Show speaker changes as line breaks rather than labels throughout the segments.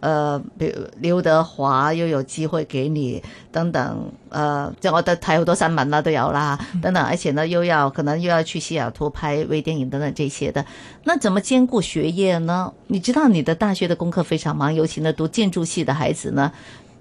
呃，比如劉德華又有機會給你等等，呃，即係我還有多三門啦，都有啦，等等，而且呢，又要可能又要去西雅圖拍微電影等等這些的，那怎麼兼顧學業呢？你知道你的大學的功課非常忙，尤其呢，讀建築系的孩子呢？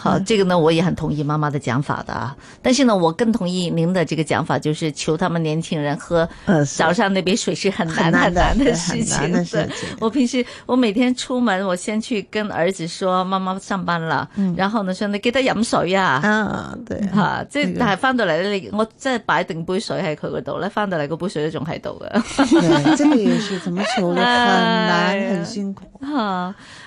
好，這個呢，我也很同意媽媽的講法的啊。但是呢，我更同意您的這個講法，就是求他們年輕人喝早上那杯水是很難很難的事情。嗯、是我平時我每天出門，我先去跟兒子說媽媽上班了，嗯、然後呢說你給他飲水啊。啊，對，哈，這但係翻到嚟咧、嗯，我即係擺定杯水喺佢嗰度咧，翻到嚟嗰杯水都仲喺度嘅。 這個也是怎麼求的很難、哎，很辛苦啊。啊